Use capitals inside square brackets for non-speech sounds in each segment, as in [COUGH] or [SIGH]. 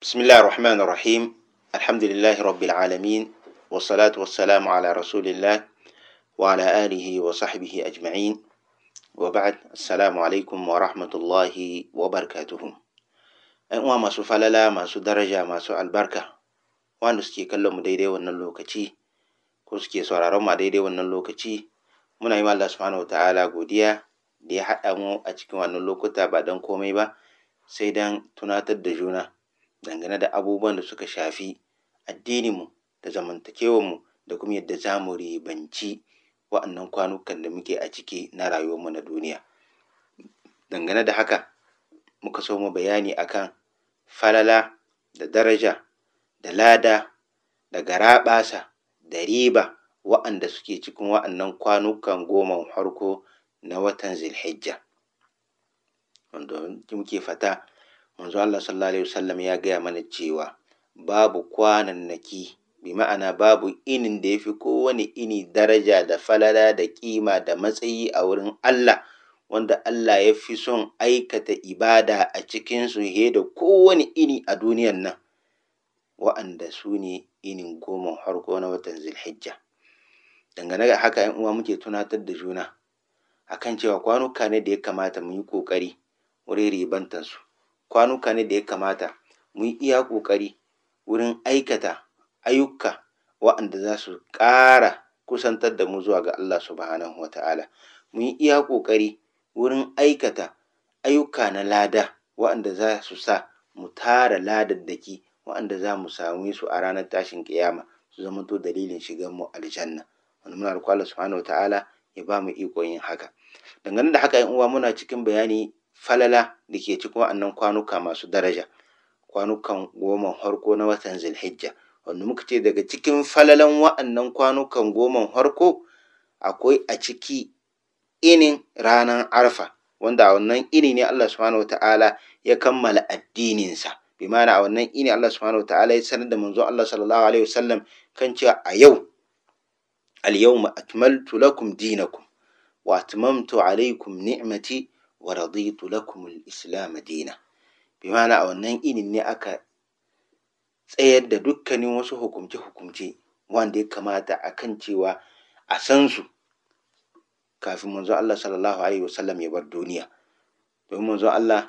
بسم الله الرحمن الرحيم الحمد لله رب العالمين والصلاة والسلام على رسول الله وعلى آله وصحبه أجمعين وبعد السلام عليكم ورحمة الله وبركاته ‘yan uwa masu falala masu daraja masu albarka wanda suke kallon mu daidai wannan lokaci ko suke sauraron mu daidai wannan lokaci muna yi Allah subhanahu ta'ala godiya da ya haɗa mu a cikin wannan lokuta ba don komai ba sai tunatar da juna dangane da abubuwan da suka shafi addininmu da zamantakewarmu da kuma yadda za mu ribanci wa'annan kwanukan da muke a ciki na rayuwarmu na duniya dangane da haka muka so mu bayani akan falala da daraja da lada da garaɓasa da riba wa'anda suke cikin wa'annan kwanukan goma farko na watan zilhijja wanda muke fata manzo Allah sallallahu alaihi wasallam ya gaya mana cewa babu kwanan naki', bi ma'ana babu inin da ya fi kowane ini daraja da falala da kima da matsayi a wurin Allah wanda Allah ya fi son aikata ibada a cikin su he da kowane ini a duniyan nan wa'anda su ne inin goma harko na watan zilhijja dangane da haka yan uwa muke tunatar da juna akan cewa kwanuka ne da ya kamata mu yi ƙoƙari wurin ribantansu kwanuka ne da ya kamata mu yi iya ƙoƙari wurin aikata ayyuka waɗanda za su ƙara kusantar da mu zuwa ga Allah subhanahu wata'ala mu yi iya ƙoƙari wurin aikata ayyuka na lada wa'anda za su sa mu tara ladar da ladaddaki waɗanda za mu sami su a ranar tashin ƙiyama su zamanto dalilin shigan mu aljanna wani muna roƙo Allah subhanahu wata'ala ya ba mu ikon yin haka dangane da haka yan uwa muna cikin bayani falala da ke cikin wa'annan kwanuka masu daraja kwanukan goma harko na watan zilhijja wanda muka ce daga cikin falalan wa'annan kwanukan goma harko akwai a ciki inin ranar arfa wanda a wannan ini ne Allah subhanahu ta'ala ya kammala addininsa bi a wannan ini Allah subhanahu ta'ala ya sanar da manzo Allah sallallahu alaihi wasallam kan cewa a yau al yawma akmaltu lakum dinakum wa atmamtu alaikum ni'mati wa raditu lakum al-islam dina bi ma'ana a wannan inin ne aka tsayar da dukkanin wasu hukumce-hukumce wanda ya kamata a kan cewa a san su kafin manzo Allah sallallahu alaihi wasallam ya bar duniya domin manzo Allah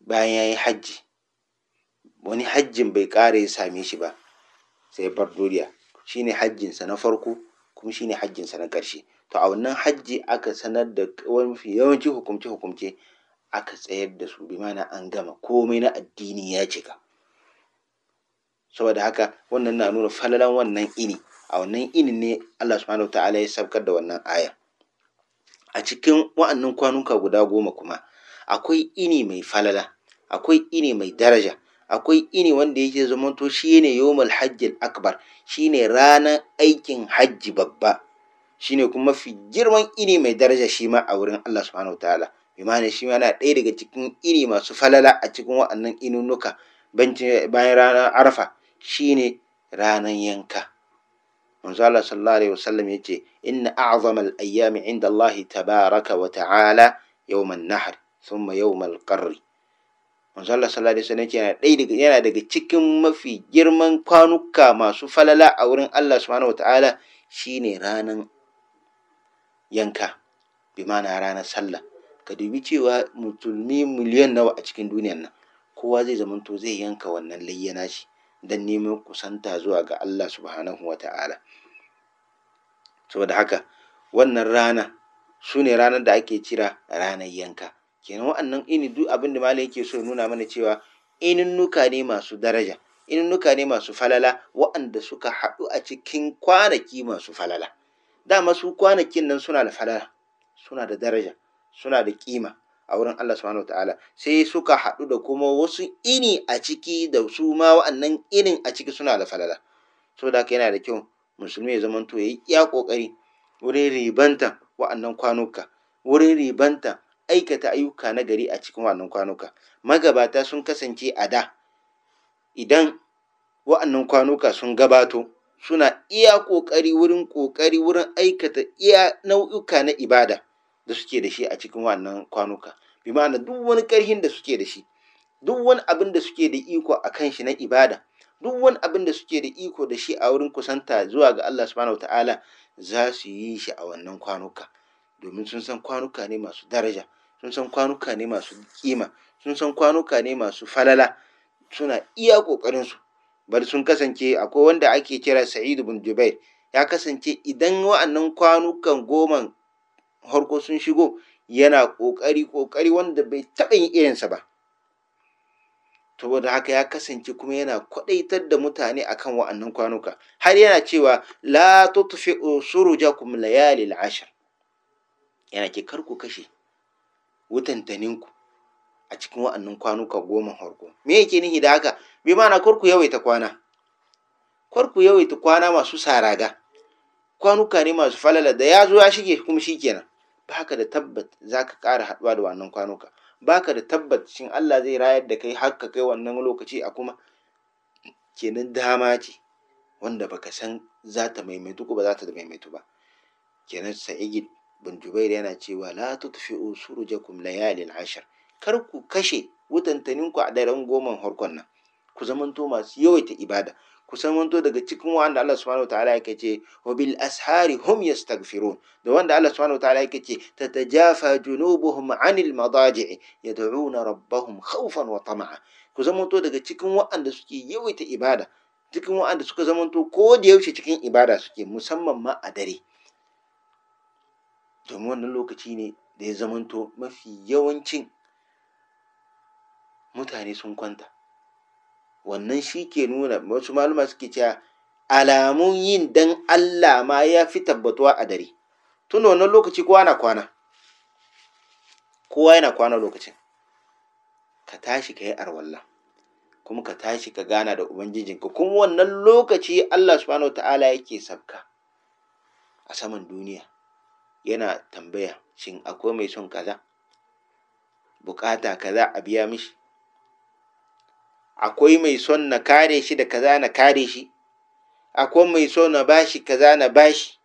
bayan ya yi hajji wani hajjin bai ƙara ya same shi ba sai bar duniya shine hajjinsa na farko kuma shine hajjinsa na ƙarshe to a wannan hajji aka sanar da mafi yawanci hukumce hukumce aka tsayar da su bi mana an gama komai na addini ya cika saboda haka wannan na nuna falalan wannan ini a wannan ini ne Allah subhanahu ta'ala ya sabkar da wannan aya a cikin wa'annan kwanuka guda goma kuma akwai ini mai falala akwai ini mai daraja akwai ini wanda yake zamanto shi ne hajjil akbar shine ranar aikin hajji babba shine kuma mafi girman iri mai daraja shi ma a wurin Allah subhanahu ta'ala imani shi yana ɗaya daga cikin iri masu falala a cikin wa'annan inunuka bayan ranar arafa shine ranar yanka manzo Allah sallallahu alaihi wasallam yace inna a'zama al-ayyami 'inda Allah tabaraka wa ta'ala yawman nahr thumma yawmal qarri manzo Allah sallallahu alaihi wasallam yana ɗaya daga yana daga cikin mafi girman kwanuka masu falala a wurin Allah subhanahu wa ta'ala shine ranan yanka Bimana ranar sallah ka dubi cewa musulmi miliyan nawa a cikin duniyan nan kowa zai zamanto zai yanka wannan layyana shi don neman kusanta zuwa ga Allah subhanahu wa ta'ala saboda haka wannan rana su ne ranar da ake cira ranar yanka kenan wa'annan ini duk abin da malam yake so nuna mana cewa ininnuka ne masu daraja ininnuka ne masu falala wa'anda suka haɗu a cikin kwanaki masu falala dama su kwanakin nan suna da falala suna da daraja suna da kima a wurin Allah subhanahu ta'ala, sai suka haɗu da kuma wasu ini a ciki da su ma wa'annan inin a ciki suna da falala so da yana da kyau musulmi ya zama ya yi iya ƙoƙari wurin ribanta wa'annan kwanuka wurin ribanta aikata ayyuka na gari a cikin wa'annan kwanuka magabata sun kasance a da idan wa'annan kwanuka sun gabato suna iya ƙoƙari wurin ƙoƙari wurin aikata iya nau'uka na ibada da suke da shi a cikin wannan kwanuka bi ma'ana duk wani ƙarhin da suke da shi duk wani abin da suke da iko a kan shi na ibada duk wani abin da suke da iko da shi a wurin kusanta zuwa ga Allah subhanahu ta'ala za su yi shi a wannan kwanuka domin sun san kwanuka ne masu daraja sun san kwanuka ne masu kima sun san kwanuka ne masu falala suna iya ƙoƙarinsu bari sun kasance akwai wanda ake kira sa'id bin jubair ya kasance idan wa'annan kwanukan goman harko sun shigo yana ƙoƙari ƙoƙari wanda bai taɓa yin irinsa ba saboda haka ya kasance kuma yana kwaɗaitar da mutane akan wa'annan kwanuka har yana cewa la tutfi jakum layali ashr yana ke kar ku kashe taninku. a cikin wa'annan kwanuka goma harko me yake nihi da haka bi kwarku karku yawaita kwana karku yawaita kwana masu saraga kwanuka ne masu falala da ya zo ya shige kuma shikenan baka da tabbat zaka ƙara haɗuwa da wannan kwanuka baka da tabbat shin Allah zai rayar da kai har ka kai wannan lokaci a kuma kenan dama ce wanda baka san za ta maimaitu ko ba za ta maimaitu ba kenan sa'id bin jubair yana cewa la tutfi'u surujakum layalil ashar kar ku kashe wutantaninku a daren goman harkon nan ku zamanto masu yawaita ibada ku zamanto daga cikin wanda Allah subhanahu wataala yake ce wa bil ashari hum yastaghfirun da wanda Allah subhanahu wataala yake ce tatajafa junubuhum anil madaji'i yad'una rabbahum khawfan wa tama'a ku zamanto daga cikin wanda suke yawaita ibada cikin wanda suka zamanto ko da yaushe cikin ibada suke musamman ma a dare domin wannan lokaci ne da ya zamanto mafi yawancin mutane sun kwanta wannan shi ke nuna wasu maluma suke cewa alamun yin dan Allah ma ya fi tabbatuwa a dare tun wannan lokaci kowa na kwana kowa yana kwana lokacin ka tashi ka yi arwalla kuma ka tashi ka gana da ubangijinka kuma wannan lokaci Allah subhanahu ta'ala yake sabka a saman duniya yana tambaya shin akwai mai son kaza bukata kaza a biya mishi akwai mai son na kare shi da kaza na kare shi akwai mai son na bashi kaza na bashi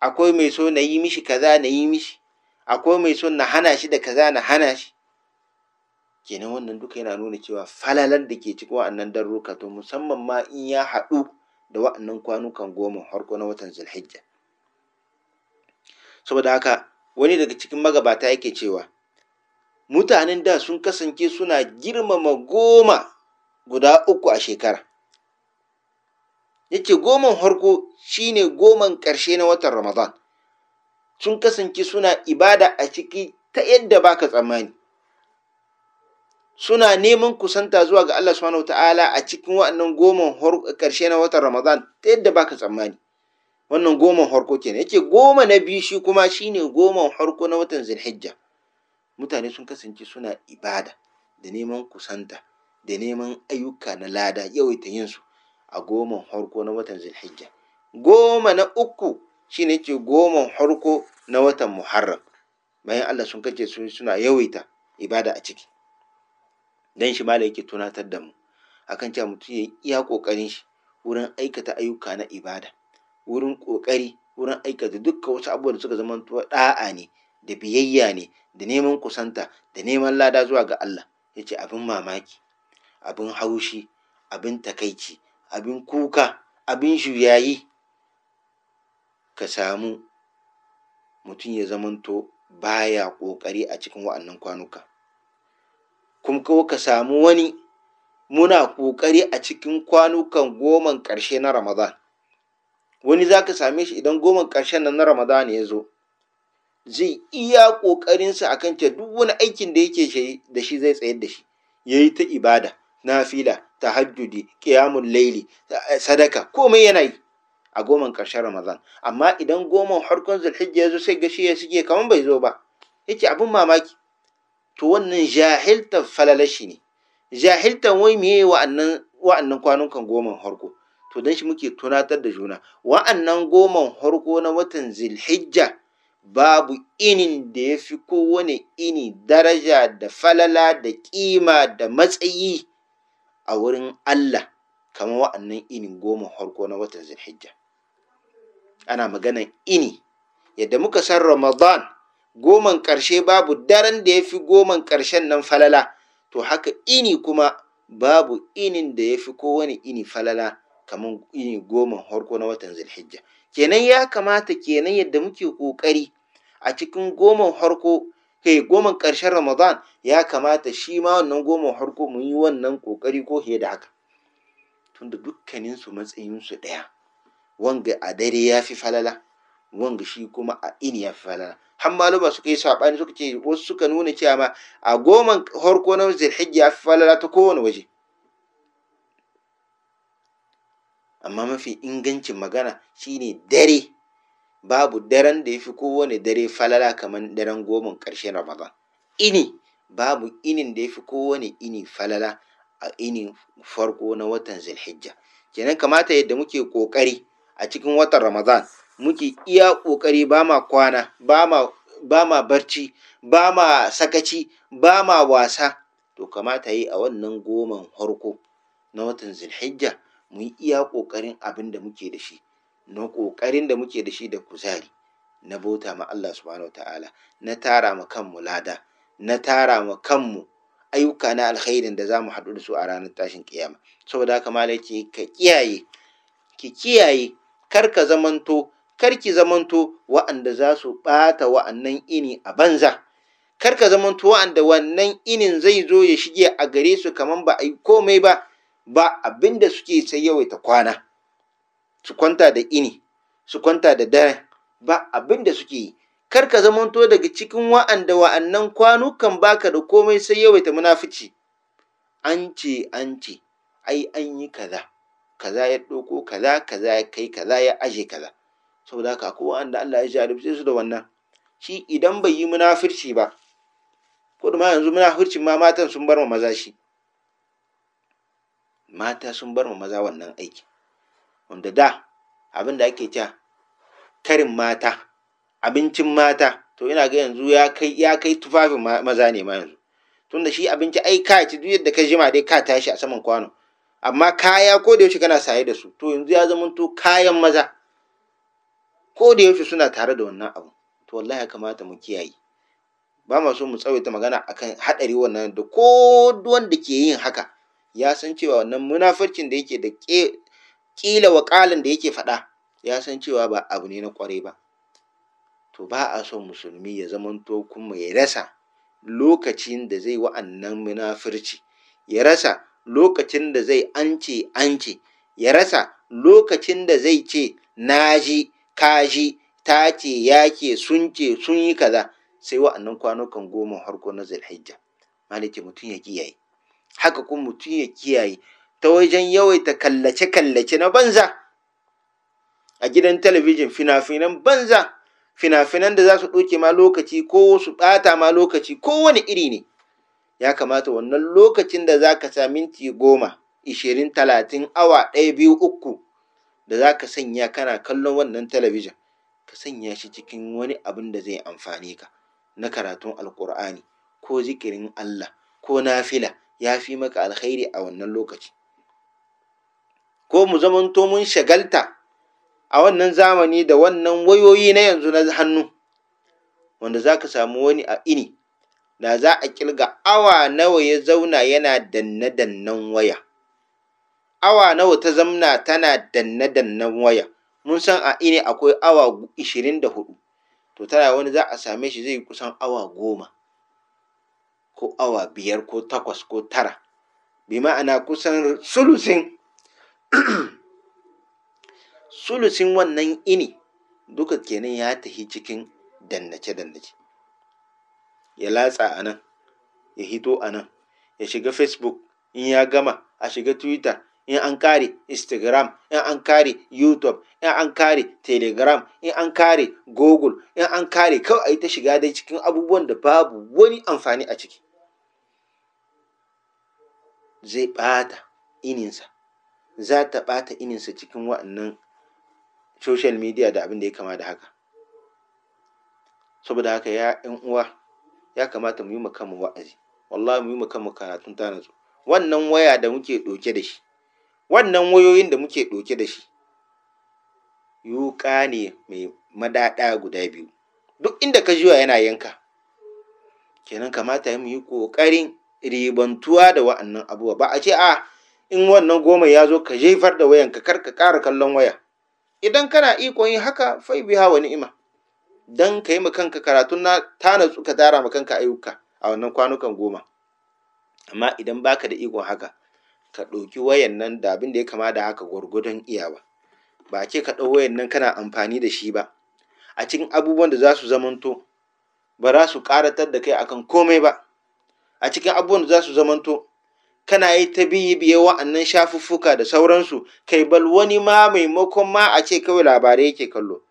akwai mai son na yi mishi kaza na yi mishi akwai mai son na hana shi da kaza na hana shi kenan wannan duka yana nuna cewa falalar da ke cikin wa'annan darruka to musamman ma in ya haɗu da wa'annan kwanukan goma harko na watan zulhijja saboda haka wani daga cikin magabata yake cewa mutanen da sun kasance suna girmama goma guda uku a shekara yake goman harko shine goman ƙarshe na watan ramadan sun kasance suna ibada a ciki ta yadda ba ka tsammani suna neman kusanta zuwa ga Allah subhanahu ta'ala a cikin waɗannan goman ƙarshe na watan ramadan ta yadda ba ka tsammani wannan goman harko kenan yake goma na biyu shi kuma shine goman harko na watan zulhijja mutane sun kasance suna ibada da neman kusanta da neman ayyuka na lada yawaita yin su a goman harko na watan Zulhijja. Goma na uku shi ne ce goman harko na watan Muharram. Bayan Allah sun kace su suna yawaita ibada a ciki. Dan shi mala yake tunatar da mu akan cewa mutum ya iya kokarin shi wurin aikata ayyuka na ibada, wurin kokari, wurin aikata dukka wasu abubuwan da suka zama da'a ne da biyayya ne da neman kusanta da neman lada zuwa ga Allah. Yace abin mamaki abin haushi abin takaici abin kuka abin shuyayi ka samu mutum ya zamanto baya ƙoƙari a cikin wa'annan kwanuka kuma ka samu wani muna ƙoƙari a cikin kwanukan goman ƙarshe na ramadan wani za ka same shi idan goman ƙarshen nan na ramadan ya zo zai iya ƙoƙarinsa akan cewa duk wani aikin da yake da shi zai tsayar da shi ya yi ta ibada nafila tahajjudi qiyamul laili sadaka komai yana yi a goman karshen ramadan amma idan goman harkon zulhijja ya zo sai gashi ya suke kaman bai zo ba yake abin mamaki to wannan jahiltan falalashi ne jahiltan wai meye wa'annan wa'annan kan goman harko to dan shi muke tunatar da juna wa'annan goman harko na watan zulhijja babu inin da ya fi kowane ini daraja da falala da kima da matsayi a wurin Allah kamar wa'annan inin goma harko na watan Zulhijja ana maganan ini yadda muka san Ramadan goman ƙarshe babu daren da ya fi goman ƙarshen nan falala to haka ini kuma babu inin da ya fi kowane ini falala kamar ini goma harko na watan zulhijja kenan ya kamata kenan yadda muke ƙoƙari a cikin goma harko kai goma ƙarshen ramadan ya kamata shi ma wannan goman harko mu yi wannan ƙoƙari ko fiye da haka tunda dukkaninsu su ɗaya wanga a dare ya fi falala wanga shi kuma a ini ya fi falala har maluma suka yi saɓani suka ce wasu suka nuna cewa ma a goman harko na hajji ya fi falala ta kowane waje amma mafi ingancin magana shine dare babu daren da ya fi kowane dare falala kamar daren goman ƙarshen Ramadan. Ini, babu inin da ya fi kowane ini falala a inin farko na watan Zulhijja. Kenan kamata yadda muke ƙoƙari a cikin watan Ramadan, muke iya ƙoƙari ba ma kwana, ba ma barci, ba ma sakaci, ba ma wasa, to kamata yi a wannan goman farko na watan Zulhijja mu yi iya ƙoƙarin abin da muke da shi. na ƙoƙarin da muke da shi da kuzari na bauta ma Allah subhanahu ta'ala na tara ma kanmu lada na tara ma kanmu ayyuka na alkhairin da za mu haɗu da su a ranar tashin kiyama saboda haka malai ce ka kiyaye ki kiyaye kar ka zamanto kar ki zamanto wa'anda za su ɓata wa'annan ini a banza kar ka zamanto wa'anda wannan inin zai zo ya shige a gare su kamar ba a yi komai ba ba abinda suke sai yawaita kwana su kwanta da ini su kwanta da daren ba abin da suke yi kar ka zamanto daga cikin wa'anda wa'annan kwanukan baka da komai sai yawaita munafici an ce an ce ai an yi kaza kaza ya ɗauko kaza kaza ya kai kaza ya aje kaza saboda haka akwai wa'anda Allah ya jarabce su da wannan shi idan bai yi munafirci ba ko da ma yanzu munafircin ma matan sun bar ma maza shi mata sun bar ma maza wannan aiki wanda da abin da ake cewa karin mata abincin mata to ina ga yanzu ya kai ya kai tufafin maza ne ma yanzu tunda shi abinci ai ka ci duk yadda ka jima dai ka tashi a saman kwano amma kaya ko da yaushe kana saye da su to yanzu ya zama to kayan maza ko da yaushe suna tare da wannan abu to wallahi ya kamata mu kiyaye ba ma so mu tsawaita magana akan hadari wannan da ko wanda ke yin haka ya san cewa wannan munafurcin da yake da Ƙila waƙalin da yake faɗa ya san cewa ba abu ne na ƙwarai ba to ba a son musulmi ya zamanto kuma ya rasa lokacin da zai wa'annan munafurci ya rasa lokacin da zai ance ance ya rasa lokacin da zai ce na ka kaji ta ce ya ke sun ce sun yi kaza sai wa'annan kwanukan goma harko na zulhijja malike mutum ya kiyaye haka kuma mutum ya kiyaye ta wajen yawaita kallace-kallace na banza a gidan talabijin fina-finan banza fina-finan da za su ɗauke ma lokaci ko su ɓata ma lokaci wani iri ne ya kamata wannan lokacin da za ka sa minti goma ishirin talatin awa ɗaya biyu uku da za ka sanya kana kallon wannan talabijin ka sanya shi cikin wani abin da zai amfani ka na karatun alkur'ani ko zikirin allah ko nafila ya fi maka alkhairi a wannan lokaci ko mu zamanto mun shagalta a wannan zamani da wannan wayoyi na yanzu na hannu wanda za ka samu wani a ini da za a kirga awa nawa ya zauna yana danne-dannen waya awa nawa ta zamna tana danne-dannen waya mun san a ini akwai awa ishirin da hudu to tana wani za a same shi zai kusan awa goma ko awa biyar ko takwas ko tara bi ma'ana kusan sulusin [CLEARS THROAT] sulusin wannan ini duka kenan ya tahi cikin dannace-dannace ya latsa a nan ya hito a nan ya shiga facebook in ya gama a shiga twitter in an kare instagram in an kare youtube in an kare telegram in an kare google in an kare kawai ta shiga dai cikin abubuwan da babu wani amfani a ciki zai ɓata ininsa za ta ɓata ininsa cikin wa'annan social media da abin da ya kama da haka saboda haka ya yan uwa ya kamata mu yi kanmu wa'azi wallahi mu yi kanmu karatun ta nazo wannan waya da muke ɗauke da shi wannan wayoyin da muke ɗauke da shi yuƙa ne mai madaɗa guda biyu duk inda ka jiwa yana yanka kenan kamata mu yi ƙoƙarin ribantuwa da wa'annan abubuwa ba a ce a ah, in wannan goma ya zo ka jefar da wayan ka kar ka ƙara kallon waya idan kana iko yin haka fai biya wa ni'ima dan ka yi kanka karatun na ta natsu ka tara kanka ayyuka a wannan kwanukan goma amma idan baka da iko haka ka ɗauki wayan nan da abin da ya kama da haka gwargwadon iyawa ba ce ka ɗau wayan nan kana amfani da shi ba a cikin abubuwan da za su zamanto ba za su ƙaratar da kai akan komai ba a cikin abubuwan da za su zamanto kana yi ta biyi biye wa'annan shafuffuka da sauransu kai bal wani ma maimakon ma a ce kawai labarai yake kallo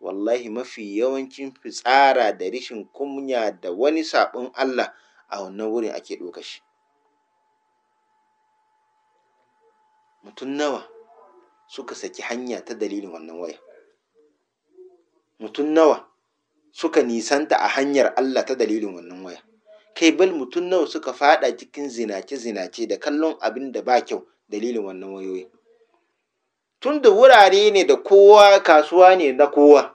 wallahi mafi yawancin fitsara da rishin kunya da wani sabon Allah a wannan wurin ake shi mutum nawa suka saki hanya ta dalilin wannan waya mutum nawa suka nisanta a hanyar Allah ta dalilin wannan waya kai bal mutum nawa suka fada cikin zinace-zinace da kallon abin da ba kyau dalilin wannan wayoyi tun da wurare ne da kowa kasuwa ne na kowa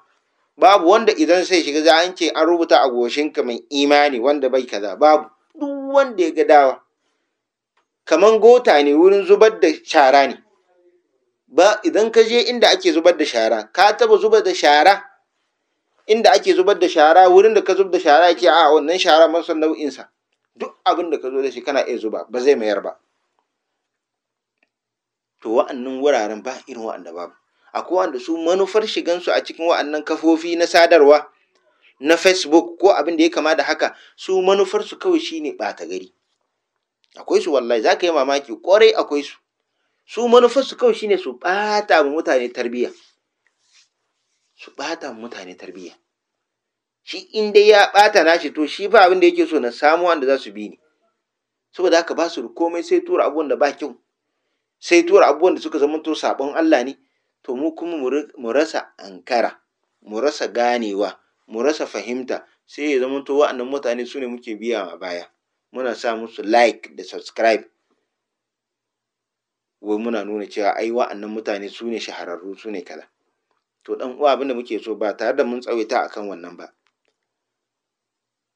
babu wanda idan sai shiga za an ce an rubuta a goshin mai imani wanda bai kaza babu duk wanda ya ga dawa kaman gota ne wurin zubar da shara ne ba idan ka je inda ake zubar da shara ka taba zubar da shara inda ake zubar da shara wurin da ka zub da shara yake a wannan shara man san nau'in sa duk abin da ka zo da shi kana iya zuba ba zai mayar ba to wa'annan wuraren ba irin wa'anda babu akwai wanda su manufar shigansu a cikin wa'annan kafofi na sadarwa na facebook ko abin da ya kama da haka su manufar su kawai shine ɓata gari akwai su wallahi za ka yi mamaki kwarai akwai su su manufar su kawai shine su ɓata wa mutane tarbiyya su ɓata mutane tarbiyya shi in dai ya ɓata na nashi to shi fa abin da yake so na samu wanda za su bi ni saboda haka ba su da komai sai tura abubuwan da ba kyau sai tura abubuwan da suka zama to sabon Allah ne to mu kuma mu rasa ankara mu rasa ganewa mu rasa fahimta sai ya zama to wa'annan mutane su ne muke biya a baya muna sa musu like da subscribe wai muna nuna cewa ai wa'annan mutane su ne shahararru su ne kala? to ɗan uwa abin da muke so ba tare da mun tsawaita akan wannan ba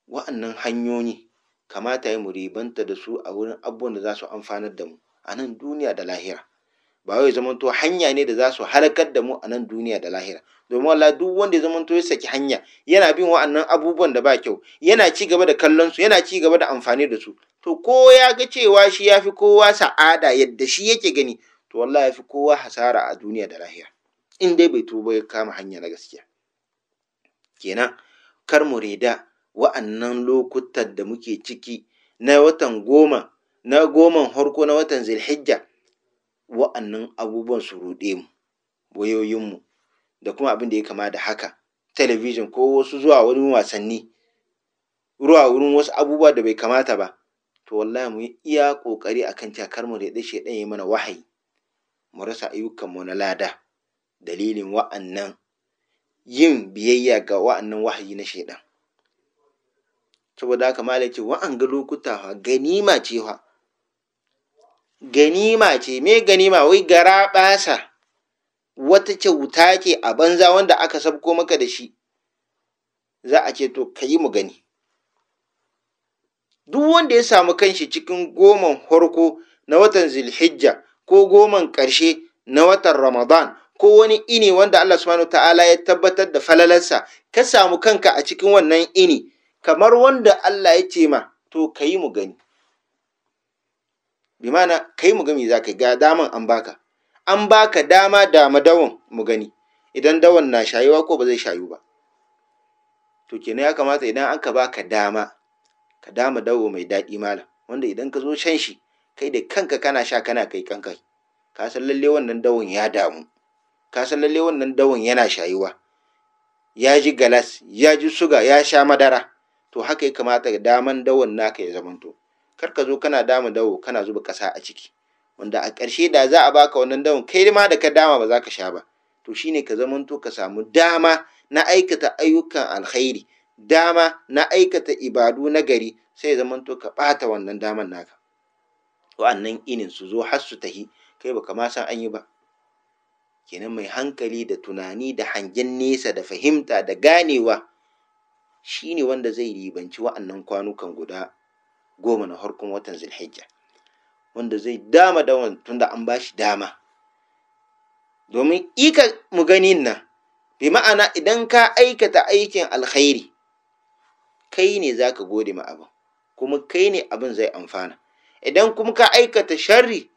wa'annan hanyoyi kamata ya mu ribanta da su a wurin abubuwan da za su amfanar da mu a nan duniya da lahira ba wai zamanto hanya ne da za su halakar da mu a nan duniya da lahira domin wala duk wanda ya zamanto ya saki hanya yana bin wa'annan abubuwan da ba kyau yana ci gaba da kallon su yana ci gaba da amfani da su to ko ya ga cewa shi ya fi kowa sa'ada yadda shi yake gani to wallahi ya fi kowa hasara a duniya da lahira in dai bai tuba ya kama hanya na gaskiya kenan kar mu reda wa'annan lokutan da muke ciki na watan goma na goman harko na watan zilhijja wa'annan abubuwan su ruɗe mu wayoyinmu da kuma abin da ya kama da haka talabijin ko wasu zuwa wani wasanni ruwa wurin wasu abubuwa da bai kamata ba to wallahi mu iya kokari akan cakar mu da ya ɗan ya mana wahayi mu rasa ayyukanmu na lada dalilin wa'annan yin biyayya ga wa'annan wahayi na shaidan saboda haka malam ce wa'anga lokuta wa ganima ce ganima ce me ganima wai gara basa wata kyauta ke a banza wanda aka sabko maka da shi za a ce to ka yi mu gani duk wanda ya samu kanshi cikin goman farko na watan zilhijja ko goman ƙarshe na watan ramadan ko wani ini wanda Allah subhanahu ta'ala ya tabbatar da falalarsa ka samu kanka a cikin wannan ini kamar wanda Allah ya ce ma to kayi mu gani bi mana yi mu gami zaka ga daman an baka an baka dama da madawan mu gani idan dawan na shayuwa ko ba zai shayu ba to kenan ya kamata idan an ka baka dama ka dama dawo mai daɗi malam wanda idan ka zo shan shi kai da kanka kana sha kana kai kanka. ka san lalle wannan dawan ya damu ka san lalle wannan dawon yana shayuwa ya ji galas ya ji suga ya sha madara to haka ya kamata daman dawon naka ya zamanto kar ka zo kana dama dawo kana zuba kasa a ciki wanda a ƙarshe da za a baka wannan dawon kai ma da ka dama ba za ka sha ba to shine ka zamanto ka samu dama na aikata ayyukan alkhairi dama na aikata ibadu na gari sai zamanto ka ɓata wannan daman naka wa'annan inin su zo har su tahi kai baka ma san an yi ba kenan mai hankali da tunani da hangen nesa da fahimta da ganewa shi ne wanda zai ribanci wa'annan kwanukan guda goma na harkun watan zulhijja wanda zai dama da tunda an ba shi dama domin ika mu ganin nan bi ma'ana idan ka aikata aikin alkhairi kai ne za ka gode ma abin kuma kai ne abin zai amfana idan kuma ka aikata sharri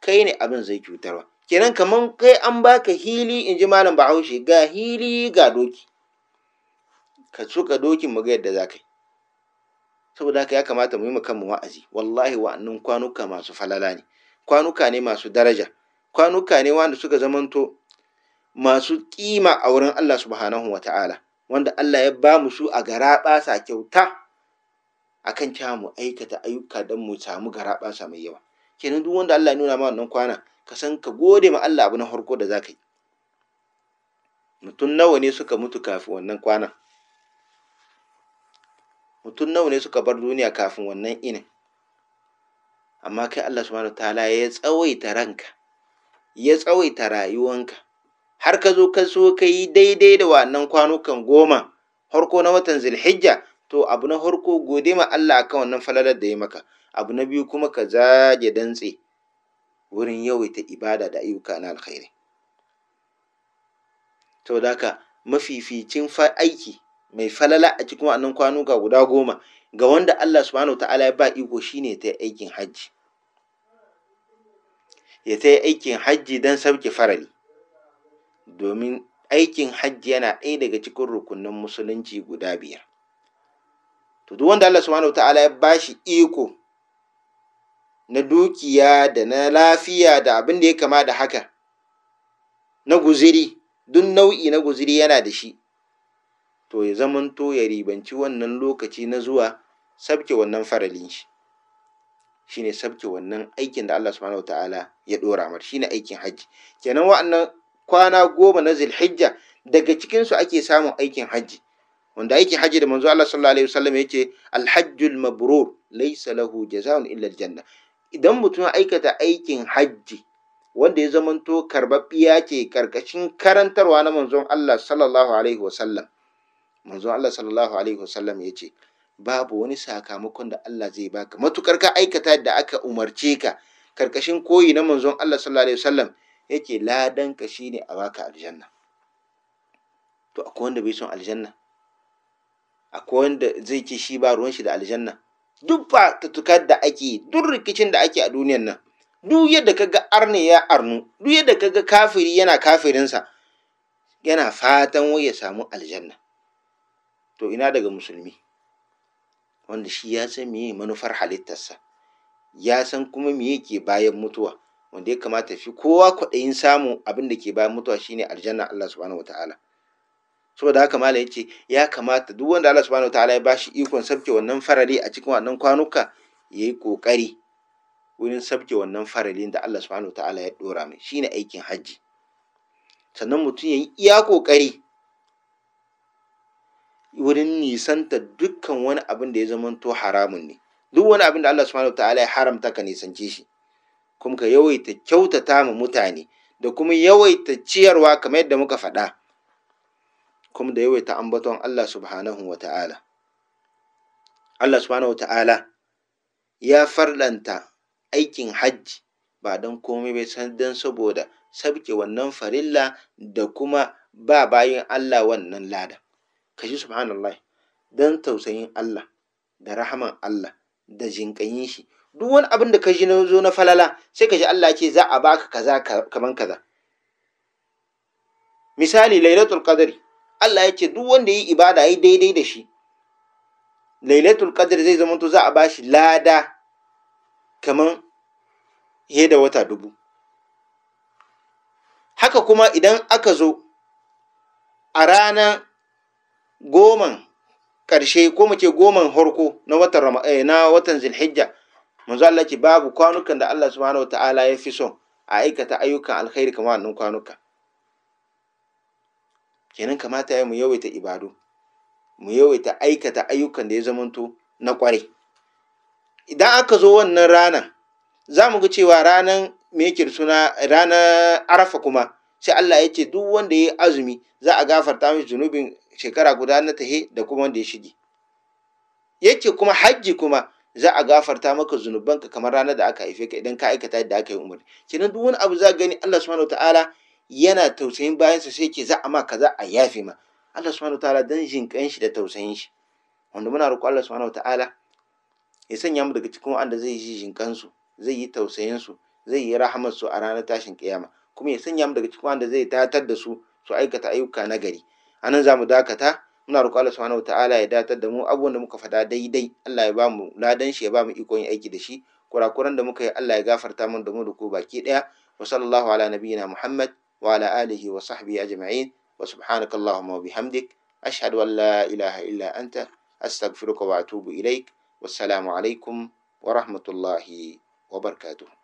kai ne abin zai cutarwa kenan kaman kai an baka hili in ji malam bahaushe ga hili ga doki ka cuka dokin mu ga yadda za ka yi saboda haka ya kamata mu yi mu wa'azi wallahi wa'annan kwanuka masu falala ne kwanuka ne masu daraja kwanuka ne wanda suka zamanto masu kima a wurin Allah subhanahu wa ta'ala wanda Allah ya ba mu su a garaɓasa sa kyauta akan cewa mu aikata ayyuka don mu samu garaɓasa sa mai yawa kenan duk wanda Allah ya nuna ma wannan kwana ka san ka gode ma Allah abu na farko da za ka yi mutum nawa ne suka mutu kafin wannan kwanan mutum nawa ne suka bar duniya kafin wannan inin amma kai Allah subhanahu ta'ala ya tsawaita ranka ya tsawaita rayuwanka har ka zo ka so ka yi daidai da wannan kwanukan goma harko na watan zilhijja to abu na harko gode ma Allah akan wannan falalar da ya maka abu na biyu kuma ka zage dantse wurin yawaita ibada da ayyuka na alkhairi to haka mafificin aiki mai falala a cikin wannan ga guda goma ga wanda Allah subhanahu ta'ala ya ba iko shine ta aikin hajji ya ta aikin hajji don sauke farali domin aikin hajji yana ɗaya daga cikin rukunin musulunci guda biyar to duk wanda Allah subhanahu ta'ala ya bashi iko na dukiya da na lafiya da abin da ya kama da haka na guziri duk nau'i na guziri yana da shi to ya zamanto ya ribanci wannan lokaci na zuwa sabke wannan faralin shi Shi ne sabke wannan aikin da Allah subhanahu wataala ya dora mar ne aikin hajji kenan wa'annan kwana goma na zilhijja daga cikinsu ake samun aikin hajji wanda aikin hajji da manzo Allah sallallahu alaihi wasallam yace alhajjul mabrur laysa lahu jazaa'un illa aljanna idan mutum aikata aikin hajji wanda ya zamanto karbabbiya ke karkashin karantarwa na manzon Allah sallallahu alaihi wasallam manzon Allah sallallahu alaihi wasallam ya ce babu wani sakamakon da Allah zai baka matukar ka aikata da aka umarce ka karkashin koyi na manzon Allah sallallahu alaihi wasallam yake ladan ka shine a baka aljanna to akwai wanda bai son aljanna akwai wanda zai ce shi ba ruwan shi da aljanna duk fatattukar da ake duk rikicin da ake a duniyar nan duk yadda kaga arne ya arnu duk yadda kaga kafiri yana kafirinsa yana fatan wai ya samu aljanna to ina daga musulmi wanda shi ya san meye manufar halittarsa ya san kuma meye ke bayan mutuwa wanda ya kamata fi kowa kwaɗayin samu abin da ke bayan mutuwa shine aljanna Allah subhanahu ta'ala. saboda haka malam yace ya kamata duk wanda Allah subhanahu wataala ya bashi ikon sabke wannan farali a cikin wannan kwanuka yayi kokari wurin sabke wannan faralin da Allah subhanahu wataala ya dora mai shine aikin hajji. sannan mutum yayi iya kokari wurin nisanta dukkan wani abin da ya zamanto haramun ne duk wani abin da Allah subhanahu wataala ya haramta ka nisance shi kuma ka yawaita kyautata ma mutane da kuma yawaita ciyarwa kamar yadda muka faɗa kuma da yawaita ambaton Allah subhanahu wa ta'ala Allah subhanahu wa ta'ala ya farlanta aikin hajji ba don komai bai san don saboda sabke wannan farilla da kuma ba bayan Allah wannan lada kashi subhanallah don tausayin Allah da rahaman Allah da jinƙayin shi duk wani abin da ka ji na zo na falala sai ka ji Allah ce za a baka kaza kaman kaza misali lailatul qadri Allah ya ce duk wanda yi ibada yi daidai da shi lailatul qadr zai zama to za a bashi lada kaman yadda da wata dubu haka kuma idan aka zo a ranar goman ƙarshe ko mace goman harko na watan eh, zilhijja manzo Allah ce babu kwanukan da Allah subhanahu wataala ya fi son a aikata ayyukan alkhairi kamar wannan kwanuka kenan kamata ya mu yawaita ibadu mu yawaita aikata ayyukan da ya zamanto na kwarai idan aka zo wannan rana, za mu ga cewa ranar mekir suna ranar arafa kuma sai Allah ya ce duk wanda ya yi azumi za a gafarta mai zunubin shekara guda na tahe da kuma wanda ya shige yake kuma hajji kuma za a gafarta maka zunubanka kamar ranar da aka haife ka idan ka aikata yadda aka yi umarni kenan duk wani abu za gani Allah subhanahu ta'ala yana tausayin bayansa sai ke za a ma kaza a yafe ma Allah subhanahu wataala dan kan shi da tausayin shi wanda muna roƙo Allah subhanahu wataala ya sanya mu daga cikin wanda zai ji kan su zai yi tausayin su zai yi rahamar su a ranar tashin kiyama kuma ya sanya mu daga cikin wanda zai tatar da su su aikata ayyuka na gari anan za mu dakata muna roƙo Allah subhanahu wataala ya datar da mu abubuwan da muka fada daidai Allah ya ba mu ladan shi ya ba mu iko yin aiki da shi kurakuran da muka yi Allah ya gafarta mun da mu da ku baki ɗaya wa sallallahu ala nabiyyina Muhammad وعلى آله وصحبه أجمعين وسبحانك اللهم وبحمدك أشهد أن لا إله إلا أنت أستغفرك وأتوب إليك والسلام عليكم ورحمة الله وبركاته